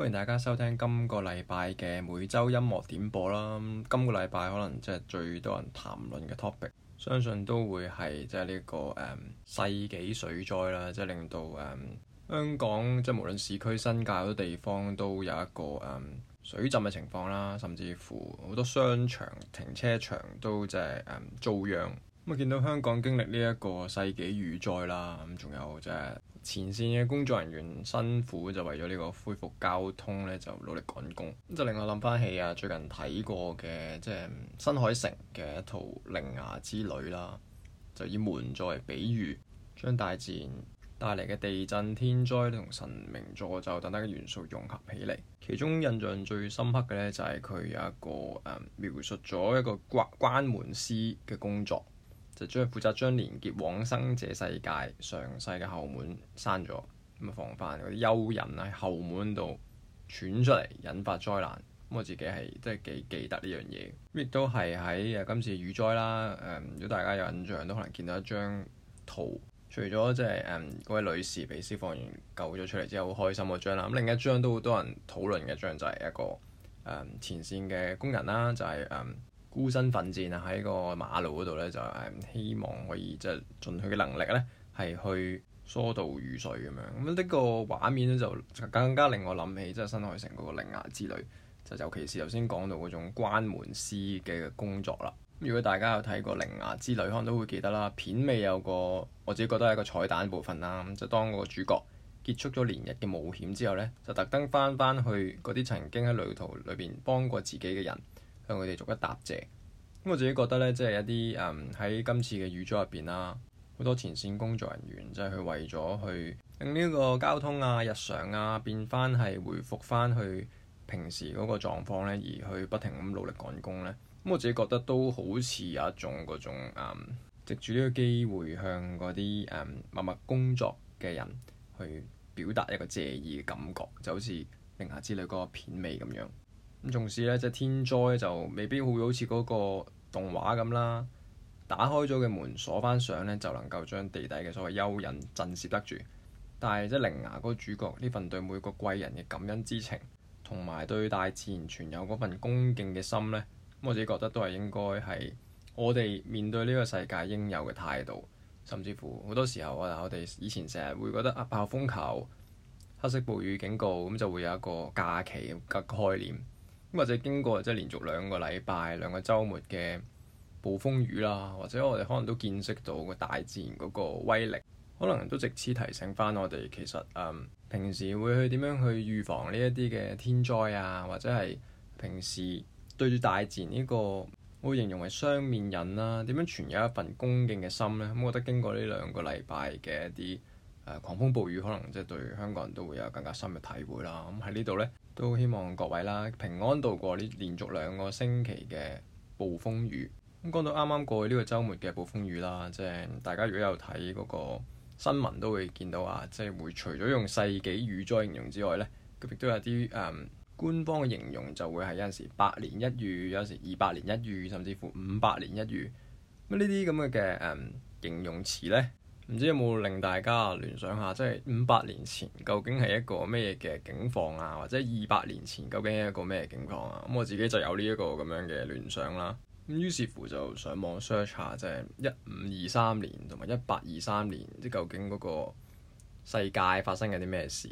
歡迎大家收聽今個禮拜嘅每周音樂點播啦！今個禮拜可能即係最多人談論嘅 topic，相信都會係即係呢個誒、嗯、世紀水災啦！即係令到誒香港即係、就是、無論市區、新界好多地方都有一個誒、嗯、水浸嘅情況啦，甚至乎好多商場、停車場都即係遭殃。嗯咁見到香港經歷呢一個世紀雨災啦，咁仲有即係前線嘅工作人員辛苦，就為咗呢個恢復交通咧，就努力趕工。咁就令我諗翻起啊，最近睇過嘅即係新海誠嘅一套《鈴芽之旅》啦，就以門作為比喻，將大自然帶嚟嘅地震天災同神明助咒等等嘅元素融合起嚟。其中印象最深刻嘅咧，就係、是、佢有一個誒、嗯、描述咗一個關關門師嘅工作。就將負責將連結往生者世界、上世嘅後門閂咗，咁啊防範嗰啲幽人喺後門度串出嚟，引發災難。咁我自己係即係幾記得呢樣嘢，亦都係喺今次雨災啦。誒、嗯，如果大家有印象，都可能見到一張圖，除咗即係誒嗰位女士俾消防員救咗出嚟之後好開心嗰張啦，咁另一張都好多人討論嘅張就係、是、一個、嗯、前線嘅工人啦，就係、是、誒。嗯孤身奮戰啊！喺個馬路嗰度呢，就誒希望可以即係、就是、盡佢嘅能力呢，係去疏導雨水咁樣。咁呢個畫面呢，就更加令我諗起即係新海誠嗰個《鈴芽之旅》，就尤其是頭先講到嗰種關門師嘅工作啦。如果大家有睇過《鈴芽之旅》，可能都會記得啦。片尾有個我自己覺得係一個彩蛋部分啦。咁就當個主角結束咗連日嘅冒險之後呢，就特登翻翻去嗰啲曾經喺旅途裏邊幫過自己嘅人。向佢哋逐一答謝。咁我自己覺得呢，即係一啲誒喺今次嘅雨災入邊啦，好多前線工作人員，即係佢為咗去令呢個交通啊、日常啊變翻係回復翻去平時嗰個狀況咧，而去不停咁努力趕工呢。咁我自己覺得都好似有一種嗰種、嗯、藉住呢個機會向嗰啲默默工作嘅人去表達一個謝意嘅感覺，就好似《寧夏之旅》嗰個片尾咁樣。咁，仲是咧，即天災就未必會好似嗰個動畫咁啦，打開咗嘅門鎖返上咧，就能夠將地底嘅所謂幽人震懾得住。但係，即靈牙嗰個主角呢份對每個貴人嘅感恩之情，同埋對大自然存有嗰份恭敬嘅心咧，我自己覺得都係應該係我哋面對呢個世界應有嘅態度。甚至乎好多時候啊，我哋以前成日會覺得啊，炮風球、黑色暴雨警告，咁就會有一個假期嘅概念。咁或者經過即係連續兩個禮拜兩個週末嘅暴風雨啦，或者我哋可能都見識到個大自然嗰個威力，可能都藉此提醒翻我哋其實誒、嗯、平時會去點樣去預防呢一啲嘅天災啊，或者係平時對住大自然呢、這個，我會形容為雙面人啦，點樣存有一份恭敬嘅心呢？咁、嗯、我覺得經過呢兩個禮拜嘅一啲誒、呃、狂風暴雨，可能即係對香港人都會有更加深嘅體會啦。咁喺呢度呢。都希望各位啦，平安度過呢連續兩個星期嘅暴風雨。咁講到啱啱過去呢個週末嘅暴風雨啦，即係大家如果有睇嗰個新聞都會見到啊，即係會除咗用世紀雨災形容之外呢，佢亦都有啲誒官方嘅形容就會係有陣時百年一遇，有陣時二百年一遇，甚至乎五百年一遇。咁呢啲咁嘅嘅誒形容詞呢。唔知有冇令大家聯想下，即係五百年前究竟係一個咩嘅境況啊，或者二百年前究竟係一個咩境況啊？咁我自己就有呢一個咁樣嘅聯想啦。咁於是乎就上網 search 下，即係一五二三年同埋一八二三年，即、係、究竟嗰個世界發生緊啲咩事？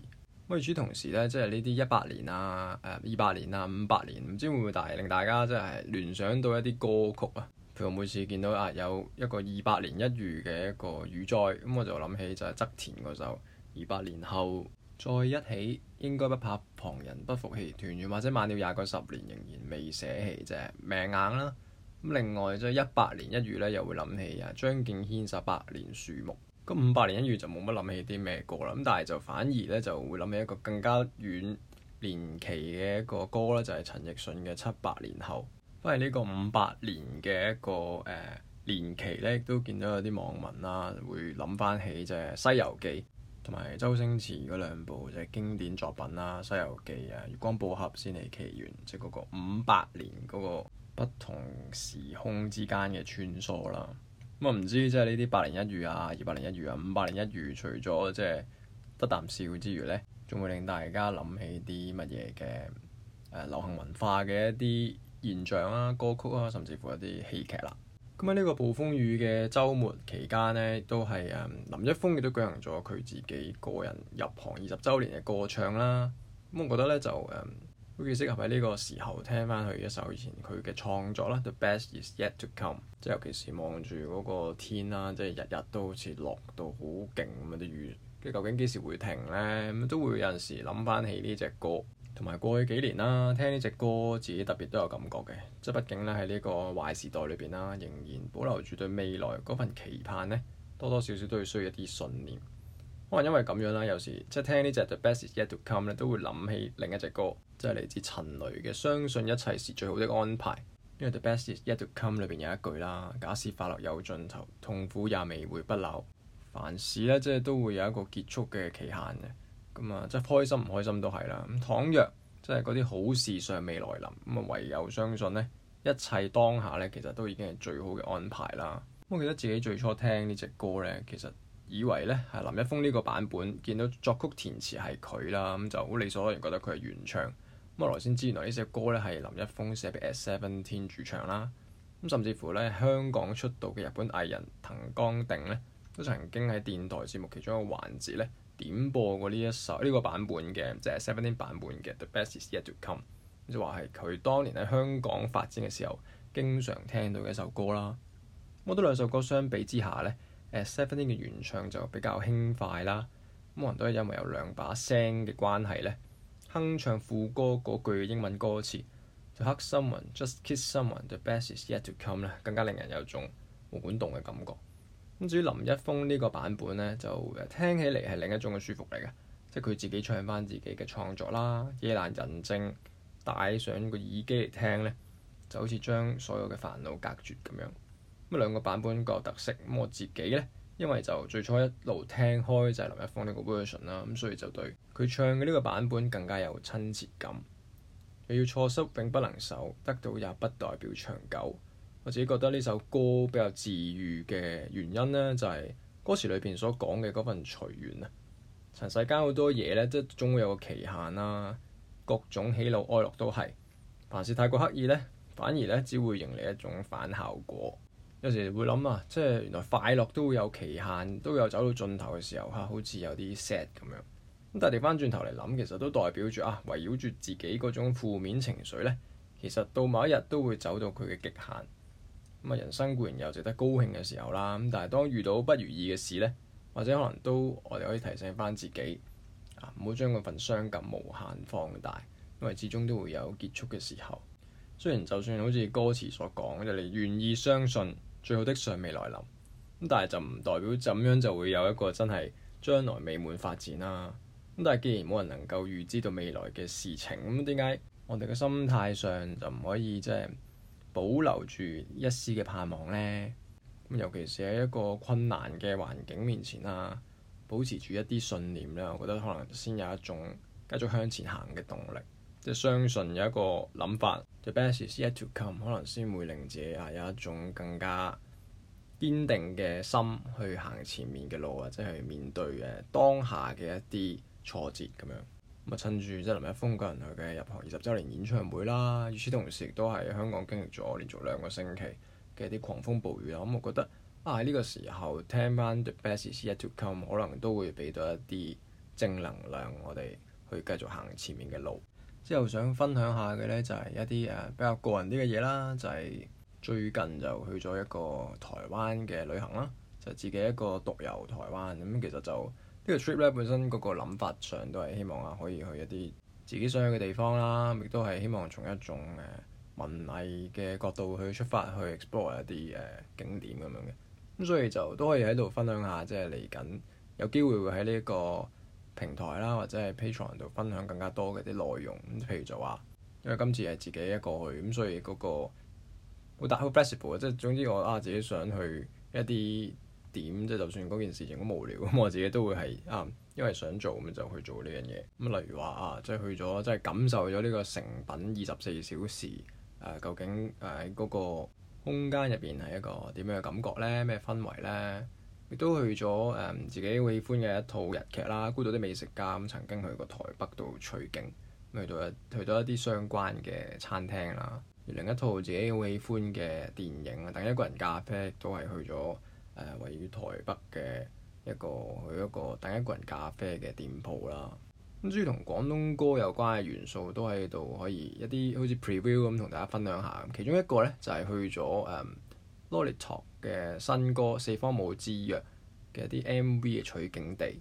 咁與此同時咧，即係呢啲一百年啊、誒二百年啊、五百年，唔知會唔會帶令大家即係聯想到一啲歌曲啊？佢每次見到啊有一個二百年一遇嘅一個雨災，咁我就諗起就係側田嗰首《二百年後再一起》，應該不怕旁人不服氣，團圓或者晚了廿個十年仍然未捨棄，即係命硬啦。咁另外即係一百年一遇呢，又會諗起啊張敬軒嘅《百年樹木》。咁五百年一遇就冇乜諗起啲咩歌啦。咁但係就反而呢，就會諗起一個更加遠年期嘅一個歌咧，就係陳奕迅嘅《七百年後》。翻嚟呢個五百年嘅一個誒、呃、年期咧，都見到有啲網民啦、啊，會諗翻起即係《西遊記》同埋周星馳嗰兩部即係經典作品啦、啊，《西遊記》啊，《月光寶盒》仙履奇緣，即係嗰個五百年嗰個不同時空之間嘅穿梭啦。咁、嗯、啊，唔知即係呢啲百年一遇啊，二百年一遇啊，五百年一遇除、就是，除咗即係得啖笑之餘咧，仲會令大家諗起啲乜嘢嘅誒流行文化嘅一啲？現象啦、啊、歌曲啊，甚至乎一啲戲劇啦、啊。咁喺呢個暴風雨嘅週末期間咧，都係誒、嗯、林一峰亦都舉行咗佢自己個人入行二十週年嘅歌唱啦。咁、嗯、我覺得呢，就誒，好、嗯、似適合喺呢個時候聽翻佢一首以前佢嘅創作啦，《The Best Is Yet To Come》。即係尤其是望住嗰個天啦、啊，即係日日都好似落到好勁咁嘅雨，跟住究竟幾時會停呢？咁都會有陣時諗翻起呢隻歌。同埋過去幾年啦，聽呢隻歌自己特別都有感覺嘅，即係畢竟咧喺呢個壞時代裏邊啦，仍然保留住對未來嗰份期盼呢，多多少少都要需要一啲信念。可能因為咁樣啦，有時即係聽呢隻 The Best Is Yet To Come 咧，都會諗起另一隻歌，即係嚟自陳蕾嘅《相信一切是最好的安排》，因為 The Best Is Yet To Come 裏邊有一句啦：假使快樂有盡頭，痛苦也未會不留，凡事呢，即係都會有一個結束嘅期限嘅。咁啊、嗯，即係開心唔開心都係啦。咁倘若即係嗰啲好事尚未來臨，咁、嗯、啊唯有相信呢一切當下呢，其實都已經係最好嘅安排啦。咁、嗯、我記得自己最初聽呢隻歌呢，其實以為呢係林一峰呢個版本，見到作曲填詞係佢啦，咁、嗯、就好理所當然覺得佢係原唱。咁、嗯、後來先知原來呢首歌呢係林一峰寫俾 S17 主唱啦。咁、嗯、甚至乎呢，香港出道嘅日本藝人藤江定呢，都曾經喺電台節目其中一個環節呢。點播過呢一首呢、呢個版本嘅，就係、是、Seventeen 版本嘅《The Best Is Yet To Come》，就係話係佢當年喺香港發展嘅時候，經常聽到嘅一首歌啦。咁我覺得兩首歌相比之下呢，誒 Seventeen 嘅原唱就比較輕快啦。咁可能都係因為有兩把聲嘅關係呢，哼唱副歌嗰句英文歌詞就 Hug someone, just kiss someone, the best is yet to come 咧，更加令人有種活潑動嘅感覺。至於林一峰呢個版本呢，就聽起嚟係另一種嘅舒服嚟嘅，即係佢自己唱返自己嘅創作啦。夜闌人靜戴上個耳機嚟聽呢，就好似將所有嘅煩惱隔絕咁樣。咁啊兩個版本各有特色。咁我自己呢，因為就最初一路聽開就係林一峰呢個 version 啦，咁所以就對佢唱嘅呢個版本更加有親切感。又要錯失並不能守，得到也不代表長久。我自己覺得呢首歌比較治癒嘅原因呢，就係、是、歌詞裏邊所講嘅嗰份隨緣啊。塵世間好多嘢呢，即總會有個期限啦、啊。各種喜怒哀樂都係，凡事太過刻意呢，反而呢，只會迎嚟一種反效果。有時會諗啊，即係原來快樂都會有期限，都會有走到盡頭嘅時候嚇、啊，好似有啲 sad 咁樣。咁但係擲翻轉頭嚟諗，其實都代表住啊，圍繞住自己嗰種負面情緒呢，其實到某一日都會走到佢嘅極限。咁啊，人生固然有值得高興嘅時候啦，咁但係當遇到不如意嘅事呢，或者可能都我哋可以提醒翻自己，啊唔好將嗰份傷感無限放大，因為始終都會有結束嘅時候。雖然就算好似歌詞所講，就你願意相信最好的尚未來臨，咁但係就唔代表怎樣就會有一個真係將來未滿發展啦、啊。咁但係既然冇人能夠預知到未來嘅事情，咁點解我哋嘅心態上就唔可以即係？啊保留住一絲嘅盼望咧，咁尤其是喺一個困難嘅環境面前啦，保持住一啲信念咧，我覺得可能先有一種繼續向前行嘅動力，即係相信有一個諗法，the best is yet to come，可能先會令自己啊有一種更加堅定嘅心去行前面嘅路啊，即係面對誒當下嘅一啲挫折咁樣。咁啊，趁住即係林一峰個人去嘅入行二十週年演唱會啦，與此同時亦都係香港經歷咗連續兩個星期嘅啲狂風暴雨啊！咁、嗯、我覺得啊，喺呢個時候聽翻《The Best Is Yet To Come》，可能都會俾到一啲正能量，我哋去繼續行前面嘅路。之後想分享下嘅呢，就係、是、一啲誒、啊、比較個人啲嘅嘢啦，就係、是、最近就去咗一個台灣嘅旅行啦，就是、自己一個獨遊台灣咁、嗯，其實就～呢個 trip 咧本身嗰個諗法上都係希望啊可以去一啲自己想去嘅地方啦，亦都係希望從一種誒、呃、文藝嘅角度去出發去 explore 一啲誒、呃、景點咁樣嘅。咁所以就都可以喺度分享下，即係嚟緊有機會會喺呢一個平台啦或者係 Patreon 度分享更加多嘅啲內容。咁譬如就話，因為今次係自己一個去，咁所以嗰個好大好 flexible。即係總之我啊自己想去一啲。點即係，就算嗰件事情好無聊咁，我自己都會係啊，因為想做咁就去做呢樣嘢，咁例如話啊，即係去咗，即係感受咗呢個成品二十四小時誒、啊，究竟誒嗰、啊、個空間入邊係一個點樣嘅感覺呢？咩氛圍呢？亦都去咗誒、嗯、自己好喜歡嘅一套日劇啦，啊《孤獨的美食家》咁、啊、曾經去過台北度取景，去到一去到一啲相關嘅餐廳啦。啊、而另一套自己好喜歡嘅電影、啊《等一個人咖啡》都係去咗。誒位於台北嘅一個佢一個第一個人咖啡嘅店鋪啦，咁至於同廣東歌有關嘅元素都喺度可以一啲好似 preview 咁同大家分享下，其中一個呢，就係、是、去咗誒、um, Lolly Talk 嘅新歌《四方帽之約》嘅一啲 MV 嘅取景地，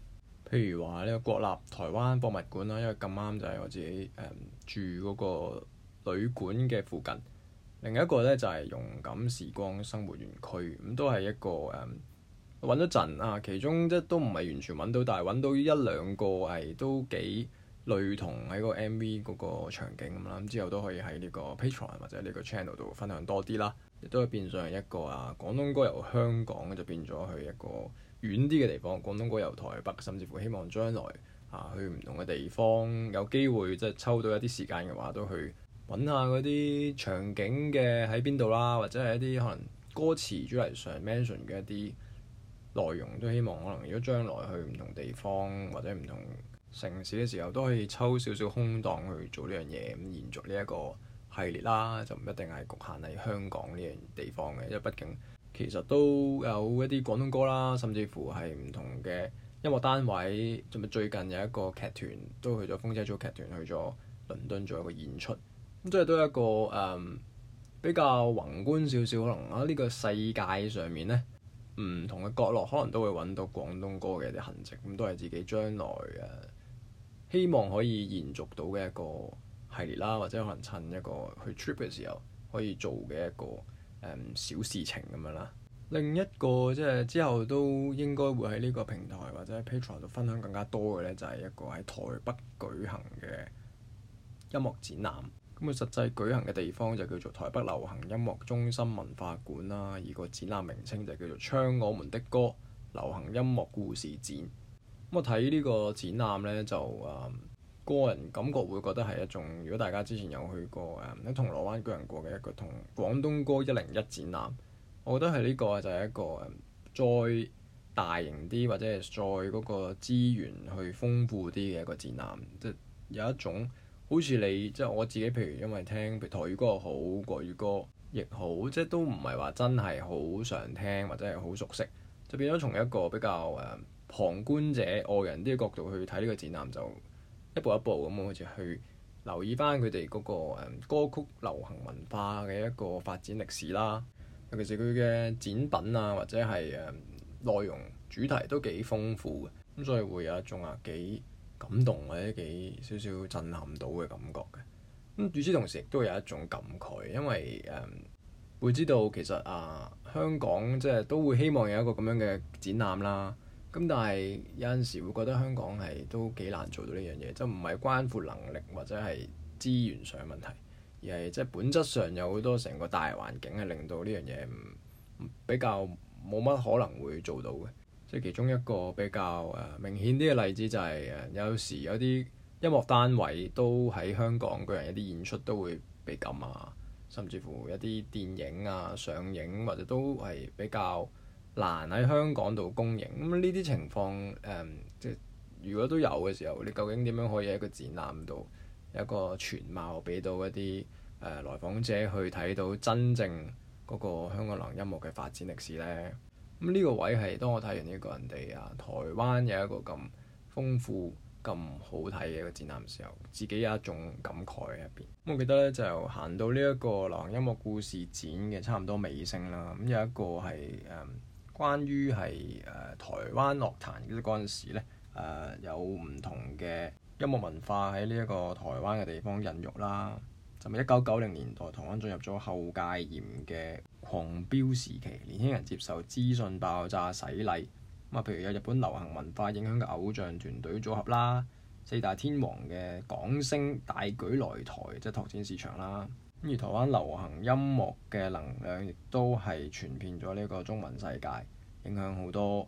譬如話呢個國立台灣博物館啦，因為咁啱就係我自己誒、um, 住嗰個旅館嘅附近。另一個呢，就係、是、勇敢時光生活園區，咁、嗯、都係一個揾咗、嗯、陣啊，其中即都唔係完全揾到，但係揾到一兩個係都幾類同喺個 MV 嗰個場景咁啦、嗯嗯。之後都可以喺呢個 Patreon 或者呢個 channel 度分享多啲啦。亦都係變相一個啊，廣東歌由香港就變咗去一個遠啲嘅地方，廣東歌由台北，甚至乎希望將來啊去唔同嘅地方，有機會即係抽到一啲時間嘅話，都去。揾下嗰啲場景嘅喺邊度啦，或者係一啲可能歌詞主題上 mention 嘅一啲內容，都希望可能如果將來去唔同地方或者唔同城市嘅時候，都可以抽少少空檔去做呢樣嘢，咁延續呢一個系列啦。就唔一定係局限喺香港呢樣地方嘅，因為畢竟其實都有一啲廣東歌啦，甚至乎係唔同嘅音樂單位，甚至最近有一個劇團都去咗風車草劇團去咗倫敦做一個演出。即係都係一個誒、嗯、比較宏觀少少，可能啊呢個世界上面呢，唔同嘅角落，可能都會揾到廣東歌嘅啲痕跡。咁都係自己將來誒、呃、希望可以延續到嘅一個系列啦，或者可能趁一個去 trip 嘅時候可以做嘅一個、嗯、小事情咁樣啦。另一個即係、就是、之後都應該會喺呢個平台或者喺 Patreon 度分享更加多嘅呢，就係、是、一個喺台北舉行嘅音樂展覽。咁佢實際舉行嘅地方就叫做台北流行音樂中心文化館啦，而個展覽名稱就叫做《唱我們的歌：流行音樂故事展》。咁我睇呢個展覽呢，就誒、嗯、個人感覺會覺得係一種，如果大家之前有去過誒喺、嗯、銅鑼灣舉行過嘅一個同廣東歌一零一展覽，我覺得係呢個就係一個、嗯、再大型啲或者係再嗰個資源去豐富啲嘅一個展覽，即、就是、有一種。好似你即係、就是、我自己，譬如因為聽台語歌好，國語歌亦好，即係都唔係話真係好常聽或者係好熟悉，就變咗從一個比較誒、嗯、旁觀者外人啲嘅角度去睇呢個展覽，就一步一步咁，好似去留意返佢哋嗰個歌曲流行文化嘅一個發展歷史啦。尤其是佢嘅展品啊，或者係誒、嗯、內容主題都幾豐富嘅，咁所以會有一種啊幾～感動或者幾少少震撼到嘅感覺嘅，咁與此同時亦都有一種感慨，因為誒、嗯、會知道其實啊香港即係都會希望有一個咁樣嘅展覽啦，咁但係有陣時會覺得香港係都幾難做到呢樣嘢，即係唔係關乎能力或者係資源上嘅問題，而係即係本質上有好多成個大環境係令到呢樣嘢比較冇乜可能會做到嘅。即係其中一個比較誒明顯啲嘅例子，就係誒有時有啲音樂單位都喺香港個人一啲演出都會被禁啊，甚至乎一啲電影啊上映或者都係比較難喺香港度公映，咁呢啲情況誒、嗯，即係如果都有嘅時候，你究竟點樣可以喺個展覽度一個全貌俾到一啲誒、呃、來訪者去睇到真正嗰個香港流行音樂嘅發展歷史咧？咁呢個位係當我睇完呢一個人哋啊，台灣有一個咁豐富、咁好睇嘅一個展覽嘅時候，自己有一種感慨喺入邊。咁、嗯、我記得咧，就行到呢一個《流行音樂故事展》嘅差唔多尾聲啦。咁有一個係誒、嗯，關於係誒台灣樂壇嗰陣時咧，誒、呃、有唔同嘅音樂文化喺呢一個台灣嘅地方孕育啦。咁一九九零年代，台灣進入咗後戒嚴嘅狂飆時期，年輕人接受資訊爆炸洗禮。咁啊，譬如有日本流行文化影響嘅偶像團隊組合啦，四大天王嘅港星大舉來台，即係拓展市場啦。咁而台灣流行音樂嘅能量亦都係傳遍咗呢個中文世界，影響好多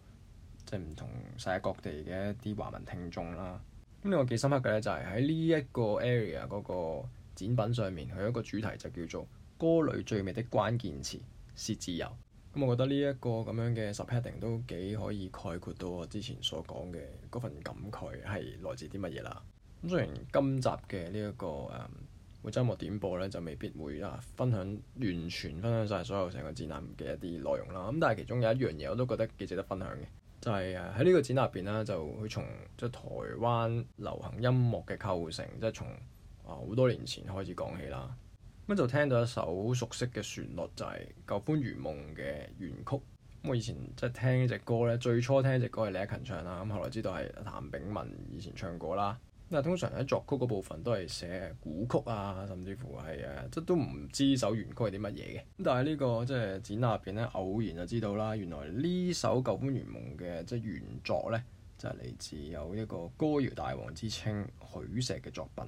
即係唔同世界各地嘅一啲華文聽眾啦。咁另外幾深刻嘅咧，就係喺呢一個 area 嗰個。展品上面佢有一個主題，就叫做歌裡最美的關鍵詞是自由。咁我覺得呢一個咁樣嘅 setting 都幾可以概括到我之前所講嘅嗰份感慨係來自啲乜嘢啦。咁雖然今集嘅呢一個誒每周音樂點播呢，就未必會啊分享完全分享晒所有成個展覽嘅一啲內容啦。咁但係其中有一樣嘢我都覺得幾值得分享嘅，就係喺呢個展覽入邊呢，就佢從即係、就是、台灣流行音樂嘅構成，即、就、係、是、從啊，好多年前開始講起啦，咁就聽到一首熟悉嘅旋律，就係《舊歡如夢》嘅原曲。咁我以前即係聽呢隻歌咧，最初聽呢隻歌係李克勤唱啦，咁後來知道係譚炳文以前唱過啦。咁啊，通常喺作曲嗰部分都係寫古曲啊，甚至乎係誒，即都唔知首原曲係啲乜嘢嘅。咁但係呢個即係展覽入邊咧，偶然就知道啦，原來呢首《舊歡如夢》嘅即係原作咧，就係嚟自有一個歌謠大王之稱許石嘅作品。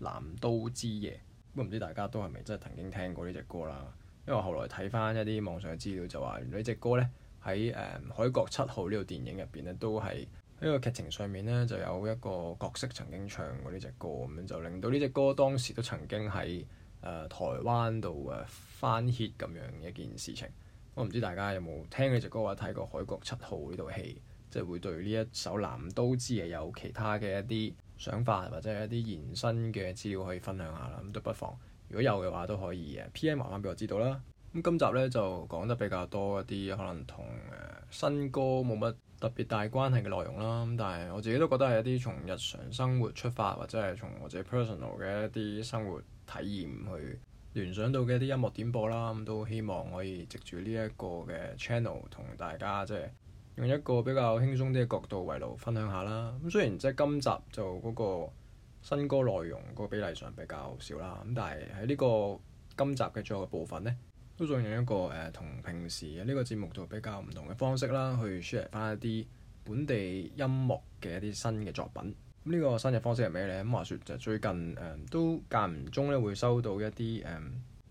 南都之夜，都唔知大家都係咪真係曾經聽過呢隻歌啦？因為後來睇翻一啲網上嘅資料就話，原來呢隻歌呢喺誒、呃《海角七號》呢套電影入邊咧，都係喺個劇情上面呢，就有一個角色曾經唱過呢隻歌，咁樣就令到呢隻歌當時都曾經喺誒、呃、台灣度誒翻 hit 咁樣一件事情。我唔知大家有冇聽呢隻歌或者睇過《海角七號》呢套戲，即係會對呢一首《南都之夜》有其他嘅一啲。想法或者一啲延伸嘅資料可以分享下啦，咁都不妨。如果有嘅話都可以，PM 慢慢俾我知道啦。咁今集呢就講得比較多一啲，可能同、呃、新歌冇乜特別大關係嘅內容啦。咁但係我自己都覺得係一啲從日常生活出發，或者係從我自己 personal 嘅一啲生活體驗去聯想到嘅一啲音樂點播啦。咁、嗯、都希望可以藉住呢一個嘅 channel 同大家即係。用一個比較輕鬆啲嘅角度為路分享下啦，咁雖然即係今集就嗰個新歌內容個比例上比較少啦，咁但係喺呢個今集嘅最後嘅部分呢，都仲用一個誒同、呃、平時呢個節目就比較唔同嘅方式啦，去 share 翻一啲本地音樂嘅一啲新嘅作品。咁、嗯、呢、呢個新嘅方式係咩呢？咁話說就最近誒、呃、都間唔中咧會收到一啲誒、呃、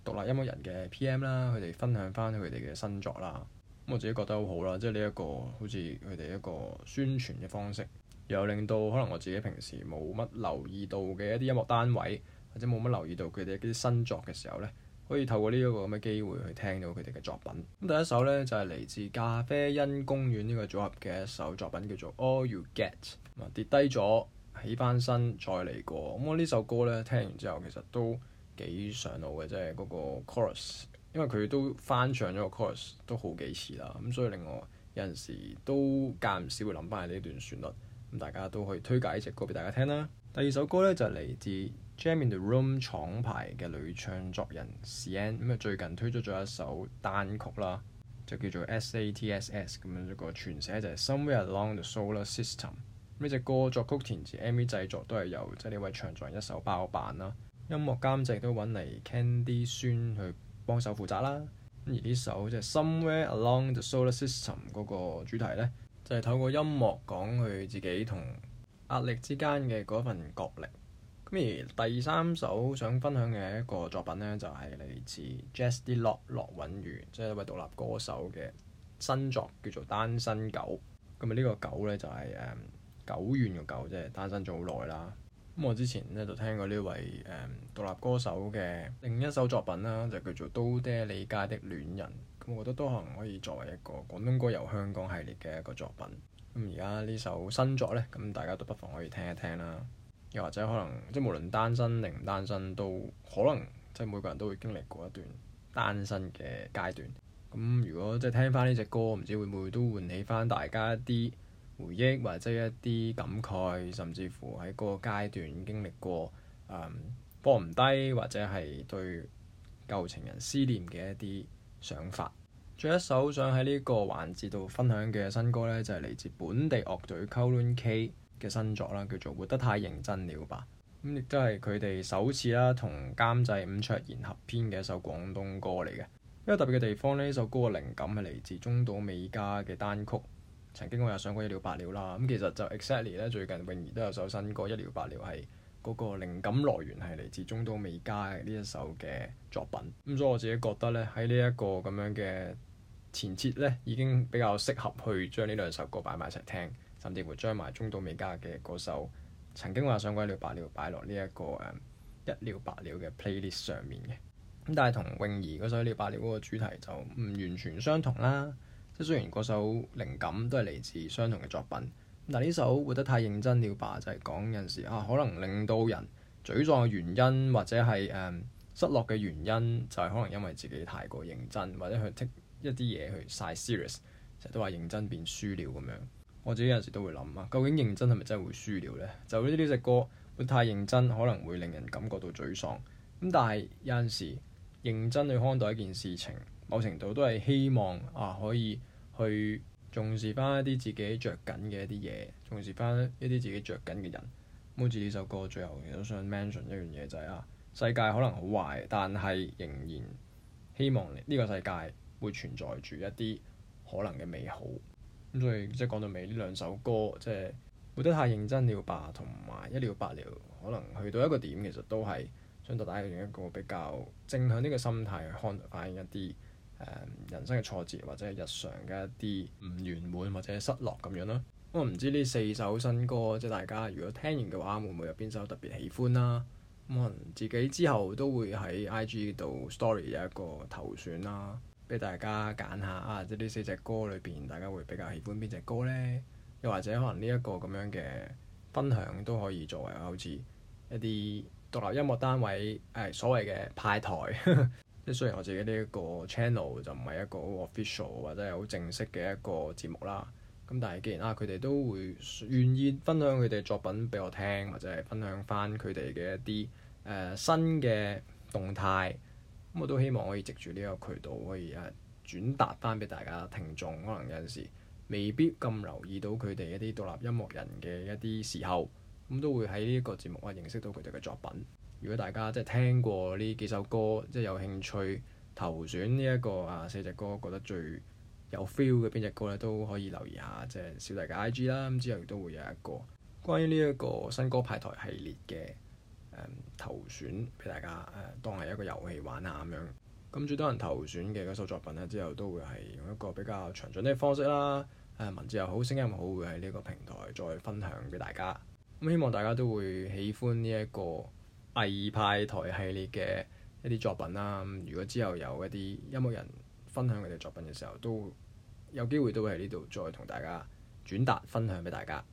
獨立音樂人嘅 PM 啦，佢哋分享翻佢哋嘅新作啦。我自己覺得好好啦，即係呢一個好似佢哋一個宣傳嘅方式，又令到可能我自己平時冇乜留意到嘅一啲音樂單位，或者冇乜留意到佢哋一啲新作嘅時候呢，可以透過呢一個咁嘅機會去聽到佢哋嘅作品。咁第一首呢，就係、是、嚟自咖啡因公園呢個組合嘅一首作品，叫做《All You Get》。啊，跌低咗，起返身再嚟過。咁、嗯、我呢首歌呢，聽完之後，其實都幾上腦嘅，即係嗰個 Chorus。因為佢都翻唱咗個 chorus 都好幾次啦，咁所以令我有陣時都間唔少會諗翻起呢段旋律。咁大家都可以推介一隻歌俾大家聽啦。第二首歌咧就係嚟自《Jam in the Room》廠牌嘅女唱作人 c i e n，咁啊最近推出咗一首單曲啦，就叫做《S A T S S》，咁樣一個全寫就係《Somewhere Along the Solar System》。呢隻歌作曲填詞 MV 製作都係由即係呢位唱作人一手包辦啦。音樂監製都揾嚟 Candy 孫去。幫手負責啦，而呢首即係《Somewhere Along the Solar System》嗰個主題呢，就係、是、透過音樂講佢自己同壓力之間嘅嗰份角力。咁而第三首想分享嘅一個作品呢，就係、是、嚟自 Jazzy Lo 落韻如，即、就、係、是、一位獨立歌手嘅新作，叫做《單身久》。咁啊，呢個久呢，就係、是、誒、嗯、久遠嘅久，即、就、係、是、單身咗好耐啦。咁我之前咧就聽過呢位誒、嗯、獨立歌手嘅另一首作品啦，就叫做《都爹利街的戀人》。咁我覺得都可能可以作為一個廣東歌遊香港系列嘅一個作品。咁而家呢首新作呢，咁大家都不妨可以聽一聽啦。又或者可能即係無論單身定唔單身，都可能即係每個人都會經歷過一段單身嘅階段。咁如果即係聽翻呢隻歌，唔知會唔會都喚起翻大家一啲～回憶或者一啲感慨，甚至乎喺嗰個階段經歷過誒放唔低，或者係對舊情人思念嘅一啲想法。最後一首想喺呢個環節度分享嘅新歌呢，就係嚟自本地樂隊 c o l l n k 嘅新作啦，叫做《活得太認真了吧》。咁亦都係佢哋首次啦，同監製伍卓賢合編嘅一首廣東歌嚟嘅。比較特別嘅地方咧，呢首歌嘅靈感係嚟自中島美嘉嘅單曲。曾經我也想過一了百了啦，咁其實就 exactly 咧最近泳兒都有首新歌一了百了係嗰、嗰個靈感來源係嚟自中島美嘉嘅呢一首嘅作品，咁所以我自己覺得咧喺呢一個咁樣嘅前設咧已經比較適合去將呢兩首歌擺埋一齊聽，甚至乎將埋中島美嘉嘅嗰首曾經我也想過一了百了擺落呢一個誒、嗯、一了百了嘅 playlist 上面嘅，咁但係同泳兒嗰首一了百了嗰個主題就唔完全相同啦。即雖然嗰首靈感都係嚟自相同嘅作品，但呢首活得太認真了吧？就係、是、講有陣時啊，可能令到人沮喪嘅原因，或者係誒、嗯、失落嘅原因，就係、是、可能因為自己太過認真，或者去 take 一啲嘢去晒 serious。成日都話認真變輸了咁樣，我自己有陣時都會諗啊，究竟認真係咪真係會輸了呢？就呢呢隻歌活得太認真可能會令人感覺到沮喪，咁但係有陣時認真去看待一件事情，某程度都係希望啊可以。去重視翻一啲自己着緊嘅一啲嘢，重視翻一啲自己着緊嘅人。好似呢首歌，最後都想 mention 一樣嘢就係、是、啊，世界可能好壞，但係仍然希望呢個世界會存在住一啲可能嘅美好。咁所以即係講到尾呢兩首歌，即係活得太認真了吧？同埋一了百了，可能去到一個點，其實都係想帶大家用一個比較正向呢個心態去看待反映一啲。Um, 人生嘅挫折或者係日常嘅一啲唔圓滿或者失落咁樣咯。我唔、嗯、知呢四首新歌，即係大家如果聽完嘅話，會唔會有邊首特別喜歡啦、啊？咁可能自己之後都會喺 IG 度 story 有一個投選啦、啊，俾大家揀下啊，即呢四隻歌裏邊，大家會比較喜歡邊隻歌呢？又或者可能呢一個咁樣嘅分享都可以作為好似一啲獨立音樂單位誒、哎、所謂嘅派台。 即雖然我自己呢一個 channel 就唔係一個好 official 或者係好正式嘅一個節目啦，咁但係既然啊佢哋都會願意分享佢哋作品俾我聽，或者係分享翻佢哋嘅一啲誒、呃、新嘅動態，咁我都希望可以藉住呢個渠道可以啊轉達翻俾大家聽眾，可能有陣時未必咁留意到佢哋一啲獨立音樂人嘅一啲時候，咁都會喺呢個節目啊認識到佢哋嘅作品。如果大家即係聽過呢幾首歌，即係有興趣投選呢一個啊四隻歌，覺得最有 feel 嘅邊隻歌咧，都可以留意下，即係小弟嘅 IG 啦。咁之後亦都會有一個關於呢一個新歌派台系列嘅誒、嗯、投選俾大家誒、啊，當係一個遊戲玩下。咁樣。咁最多人投選嘅嗰首作品咧，之後都會係用一個比較詳盡啲嘅方式啦，誒、啊、文字又好，聲音好，會喺呢個平台再分享俾大家。咁希望大家都會喜歡呢一個。偽派台系列嘅一啲作品啦，如果之後有一啲音樂人分享佢哋作品嘅時候，都有機會都會喺呢度再同大家轉達分享俾大家。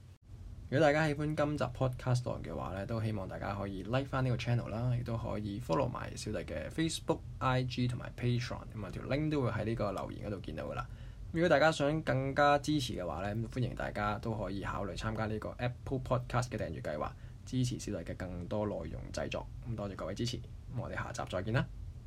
如果大家喜歡今集 podcast 嘅話咧，都希望大家可以 like 返呢個 channel 啦，亦都可以 follow 埋小弟嘅 Facebook、IG 同埋 Patreon，咁啊條 link 都會喺呢個留言嗰度見到噶啦。如果大家想更加支持嘅話咧，歡迎大家都可以考慮參加呢個 Apple Podcast 嘅訂閱計劃。支持小弟嘅更多內容製作，咁多謝各位支持，我哋下集再見啦。